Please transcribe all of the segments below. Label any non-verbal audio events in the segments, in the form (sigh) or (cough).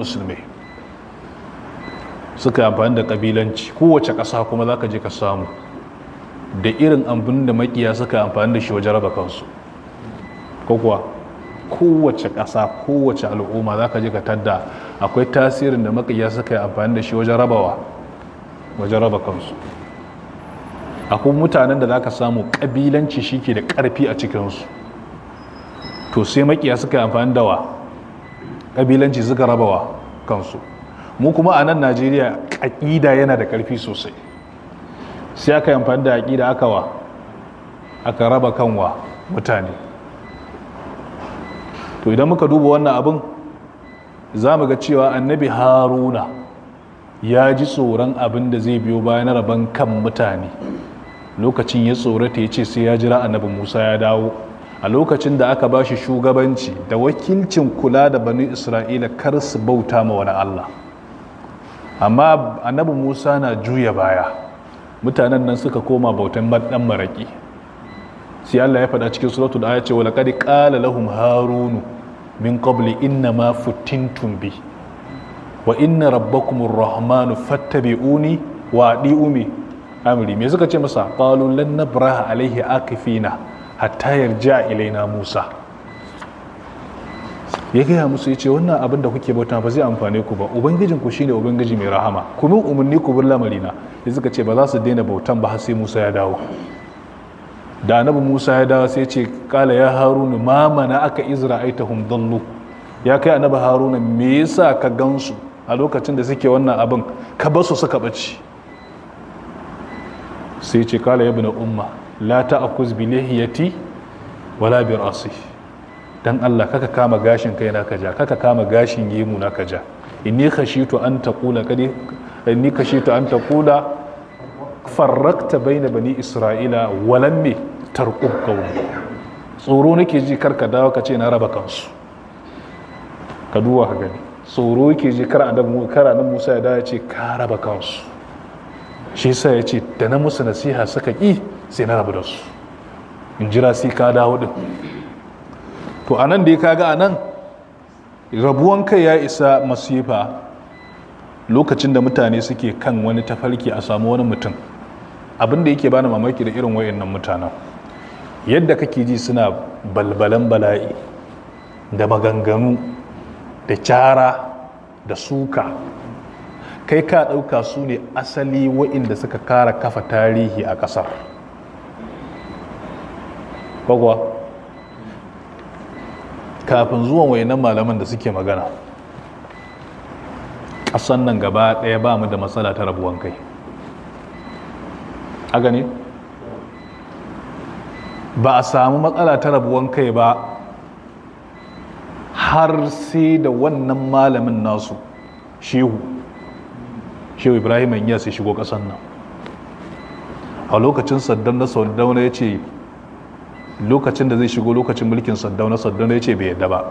musulmi suka amfani da kabilanci kowace ƙasa kuma za ka je ka samu da irin abin da makiya suka amfani da shi wajen raba kansu ko kowace ƙasa kowace al'umma za ka je ka tadda akwai tasirin da makiya suka yi amfani da shi wajen rabawa wajen raba kansu akwai mutanen da za ka samu ƙabilanci shi ke da ƙarfi a cikinsu to sai makiya suka yi amfani da wa ƙabilanci suka rabawa kansu mu kuma a nan najeriya aƙida yana da ƙarfi sosai sai aka amfani da aƙida aka wa aka raba kanwa mutane to idan muka duba wannan abin za mu ga cewa annabi haruna ya ji tsoron abin da zai biyo bayan raban kan mutane lokacin ya tsorata ya ce sai ya jira annabi musa ya dawo a lokacin da aka bashi shugabanci da wakilcin kula da bani isra'ila kar su bauta ma wani allah amma annabi musa na juya baya mutanen nan suka koma bautan dan maraƙi sai allah ya faɗa cikin suratul aya ce wala qad qala lahum harunu min qabli inna ma futtintum bi wa inna rabbakumur rahmanu fattabi'uni wa umi, amri me suka ce masa qalu lan nabraha alaihi akifina hatta yarja ilaina Musa ya gaya musu ya ce wannan abin da kuke bauta ba zai amfane ku ba ubangijin ku shine ubangiji mai rahama ku umarni ku bin lamarina ya suka ce ba za su daina bautan ba sai Musa ya dawo da annabi Musa ya dawo sai ce kala ya Haruna ma mana aka izra'aitahum dallu ya kai annabi Haruna me yasa ka gansu a lokacin da suke wannan abin ka ba su suka bace sai ce kala ya bi umma la ta'khuz bi lihiyati wala bi ra'si dan Allah kaka kama gashin kai na kaja kaka kama gashin gemu na kaja inni khashitu an taqula kadi inni khashitu an taqula farraqta baina bani isra'ila walam mi tarqub qawli tsoro nake ji kar ka dawo ka ce na raba kansu ka duwa ka gani tsoro yake ji kar annabi nan Musa ya dawo ya ce ka raba kansu shi yasa ya ce da na musu nasiha saka ki sai na rabu da su in jira sai ka dawo din to a nan da ya kaga a nan rabuwan kai ya isa masifa lokacin da mutane suke kan wani tafarki a samu wani mutum abin da yake bani mamaki da irin wayannan mutanen yadda kake ji suna balbalan bala'i da maganganu da cara da suka kai ka ɗauka su ne asali wa'inda suka kara kafa tarihi a ƙasar kwakwa kafin zuwan wayannan malaman da suke magana ƙasan nan gaba ɗaya ba mu da matsala ta rabuwan kai a gani ba a samu matsala ta rabuwan kai ba har sai da wannan malamin nasu shehu shehu ibrahim ya yasa shigo ƙasan nan a lokacin saddam na saddam ya ce lokacin da zai shigo lokacin mulkin saddauna saddauna ya ce bai yadda ba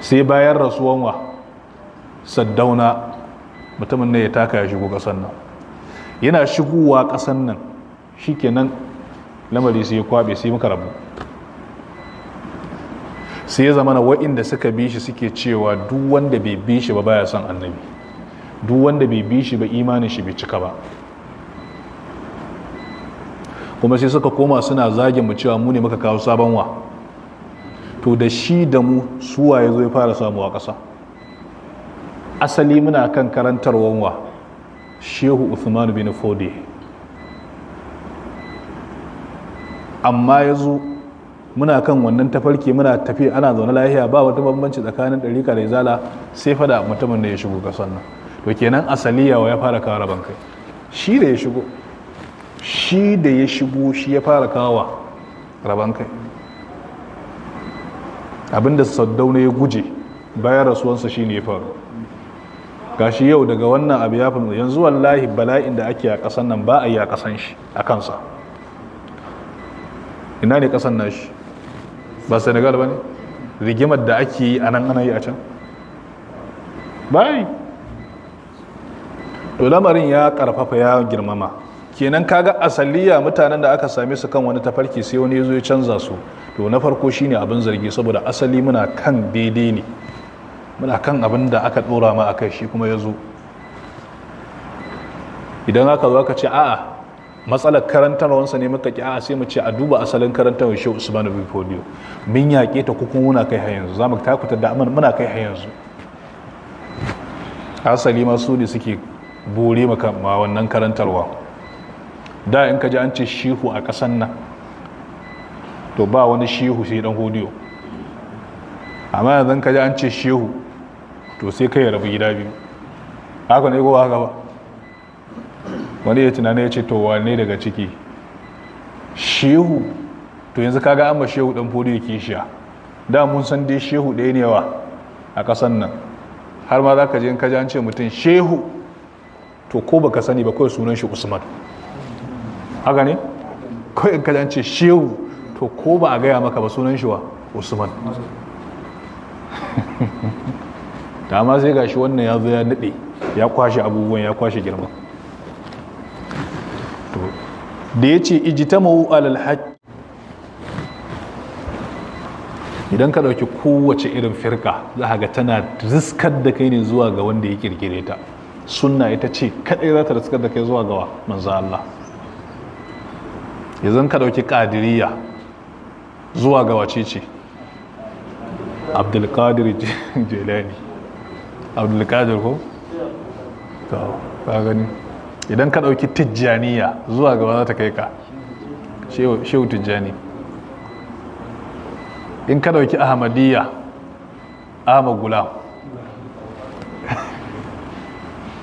sai bayan rasuwan wa saddauna mutumin na ya taka ya shigo kasan nan yana shigowa kasan nan shi nan lamari sai ya kwabe sai muka rabu sai ya zama na wa'inda suka bi shi suke cewa duk wanda bai bi shi ba baya son annabi duk wanda bai bi shi ba imanin shi bai cika ba kuma sai suka koma suna zagin mu cewa mu ne muka kawo sabon wa to da shi da mu suwa ya zo ya fara samuwa ƙasa asali muna kan karantar wanwa. shehu Usman bin fode amma ya zo muna kan wannan tafarki muna tafi ana zaune lahiya ba wata bambanci tsakanin ɗarika da izala sai fada mutumin da ya shigo ƙasar nan to kenan asali yawa ya fara kawo rabon kai shi da ya shigo shi da ya shigo shi ya fara kawa rabon kai abinda na ya guje bayan rasuwansa shi ne ya faru gashi yau daga wannan abu ya faru yanzu wallahi bala'in da ake a ƙasan nan ba a yi a ƙasan shi a kansa ina ne ƙasan nashi ba senegal ba ne rigimar da ake yi a nan ana yi a can bayan to lamarin ya karfafa ya girmama kenan kaga asaliya mutanen da aka same su kan wani tafarki sai wani zo ya canza su to na farko shine abin zargi saboda asali muna kan daidai ne muna kan abin da aka dora ma akai shi kuma ya zo idan aka zo aka ce a'a matsalar karantarwarsa ne muka ki a'a sai mu ce a duba asalin karantarwar shi usman bin folio mun yaƙe ta kuma muna kai har yanzu zamu takuta da muna kai har yanzu asali ma su ne suke bore maka ma wannan karantarwa da in ka ji an ce shihu a ƙasan nan to ba wani shihu sai dan hudiyo amma yanzu ka ji an ce shehu to sai kai rabu gida biyu haka ne kowa haka ba wani ya tunanin ya ce to wane daga ciki shehu to yanzu kaga an ba shehu dan fodi ya kishiya da mun san dai shehu ɗaya ne wa a ƙasan nan har ma za ka je in ka ji an ce mutum shehu to ko baka sani ba kawai sunan shi usman haka ne kawai in kajan ce shehu to ko ba a gaya maka ba sunan shi wa usman ta (laughs) ma sai gashi wannan ya zo ya nade ya kwashe abubuwan ya kwashe girma da ya ce ijtama'u alal idan ka ɗauki kowace irin firka za ga tana riskar da kai ne zuwa ga wanda ya kirkire ta sunna ita ce kadai za ta riskar da kai zuwa ga manzo Allah yanzu ka dauki kadiriya zuwa ga wacece abdulkadir jelani abdulkadir ko? ka gani idan ka dauki tijjaniya zuwa gaba za ta kai ka shehu tijjani in ka dauki ahmadiyya ahmad gulam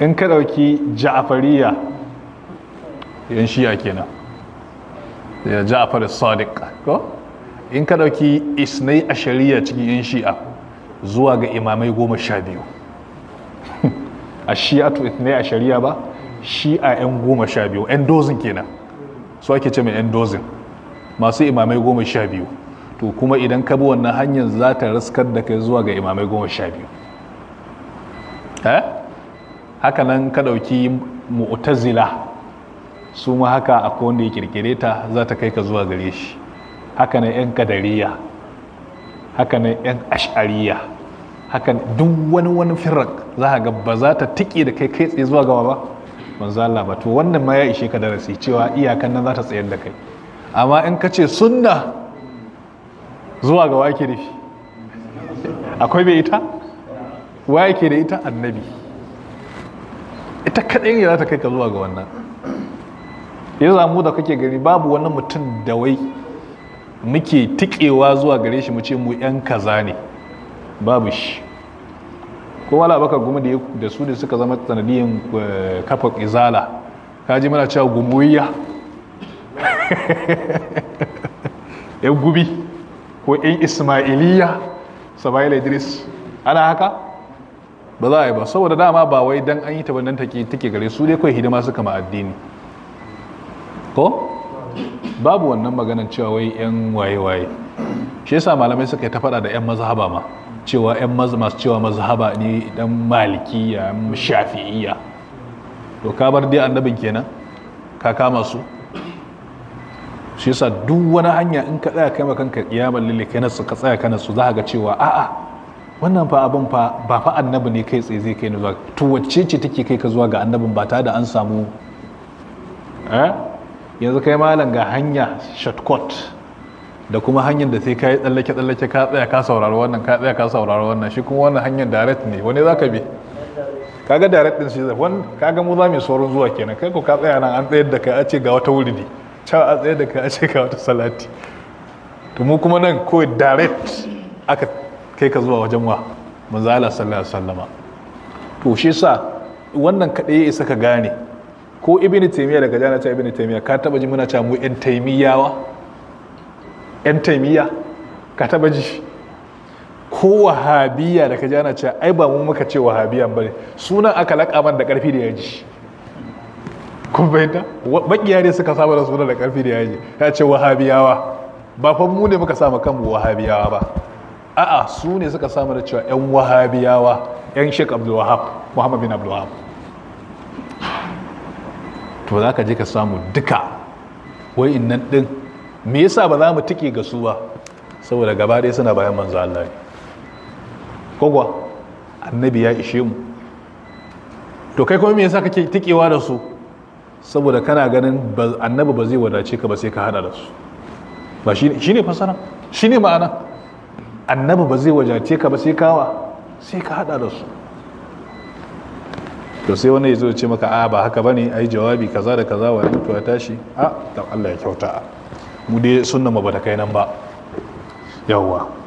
in ka dauki ja'afariya yan shiya kenan ya ja'far sadiq ko in ka dauki isnai a shari'a cikin yan shi'a zuwa ga imamai goma sha biyu (laughs) a Shi'a to isnai a shari'a ba shi'a yan goma sha biyu yan dozin kenan su ake ce mai yan dozin masu imamai goma sha biyu to kuma idan ka bi wannan hanyar za ta raskar da kai zuwa ga imamai goma sha biyu eh? haka nan ka ɗauki mu'tazila su ma haka akwai wanda ya kirkire ta za ta kai ka zuwa gare shi haka na 'yan kadariya haka na 'yan ash'ariya haka duk wani wani firar za ka ga ba za ta tiki da kai kai tsaye zuwa gaba ba manzo Allah ba to wannan ma ya ishe ka darasi cewa iyakan nan za ta tsayar da kai amma in ka ce sunna zuwa ga ke da akwai bai ita ke da ita annabi ita kaɗai ne za ta kai ka zuwa ga wannan ya zamu da kake gari babu wani mutum da wai muke tikewa zuwa gare shi mu mu yan kaza ne babu shi kowa labaka gumi da su da suka zama sanadiyan eh, kafa izala kaji mana cewa gumuyya yan (laughs) gubi ko yan ismailiya sabaila idris ana haka ba za a yi ba saboda dama ba wai dan an yi ta take gare su dai kawai hidima suka ma addini ko babu wannan maganan cewa wai yan waye-waye shi yasa malamai suka yi ta fada da yan mazhaba ma cewa yan masu cewa mazhaba ne dan malikiya shafi'iya to ka bar dai annabin kenan ka kama su shi yasa duk wani hanya in ka tsaya kai makanka kiyamar lille na su ka tsaya kana su za ga cewa a'a wannan fa abin fa ba fa annabi ne kai tsaye zai kai ni zuwa to wacce ce take kai ka zuwa ga annabin ba tare da an samu eh yanzu kai malam ga hanya shortcut da kuma hanyar da sai ka yi tsallake-tsallake ka tsaya ka saurara wannan ka tsaya ka saurara wannan shi kuma wannan hanyar direct ne wani za ka bi kaga direct din shi wani kaga mu za mu saurin zuwa kenan kai ko ka tsaya nan an tsayar da kai a ce ga wata wuridi can a tsayar da kai a ce ga wata salati to mu kuma nan kawai direct aka kai ka zuwa wajen wa manzo Allah sallallahu alaihi wasallama to shi sa wannan kadai ya isa ka gane ko ibini taimiyya daga jana ta ibini taimiyya ka taba ji muna cewa mu yan taimiyyawa yan taimiyya ka taba ji ko wahabiya daga jana ta ai ba mu muka ce wahabiya bane sunan aka laƙaman da karfi da yaji kun bayyana bakiya ne suka saba da sunan da karfi da yaji ya ce wahabiyawa ba fa mu ne muka sama kanmu wahabiyawa ba a'a su ne suka samu da cewa yan wahabiyawa yan shek abdul wahab muhammad bin abdul wahab to za ka je ka samu duka wai innan ɗin me yasa ba za mu tike ga su ba saboda gaba ɗaya suna bayan manzo Allah ne kogwa annabi ya ishe mu to kai kuma me yasa kake tikewa da su saboda kana ganin annabi ba zai wadace ka ba sai ka hada da su ba shi ne fasara shi ne ma'ana annabi ba zai wadace ka ba sai kawa sai ka hada da su to sai wani ya zo ce maka a ba haka ba bane ai jawabi kaza da kaza wani to ya tashi a da Allah ya kyauta mu dai sunna mu ba ta kai nan ba yawwa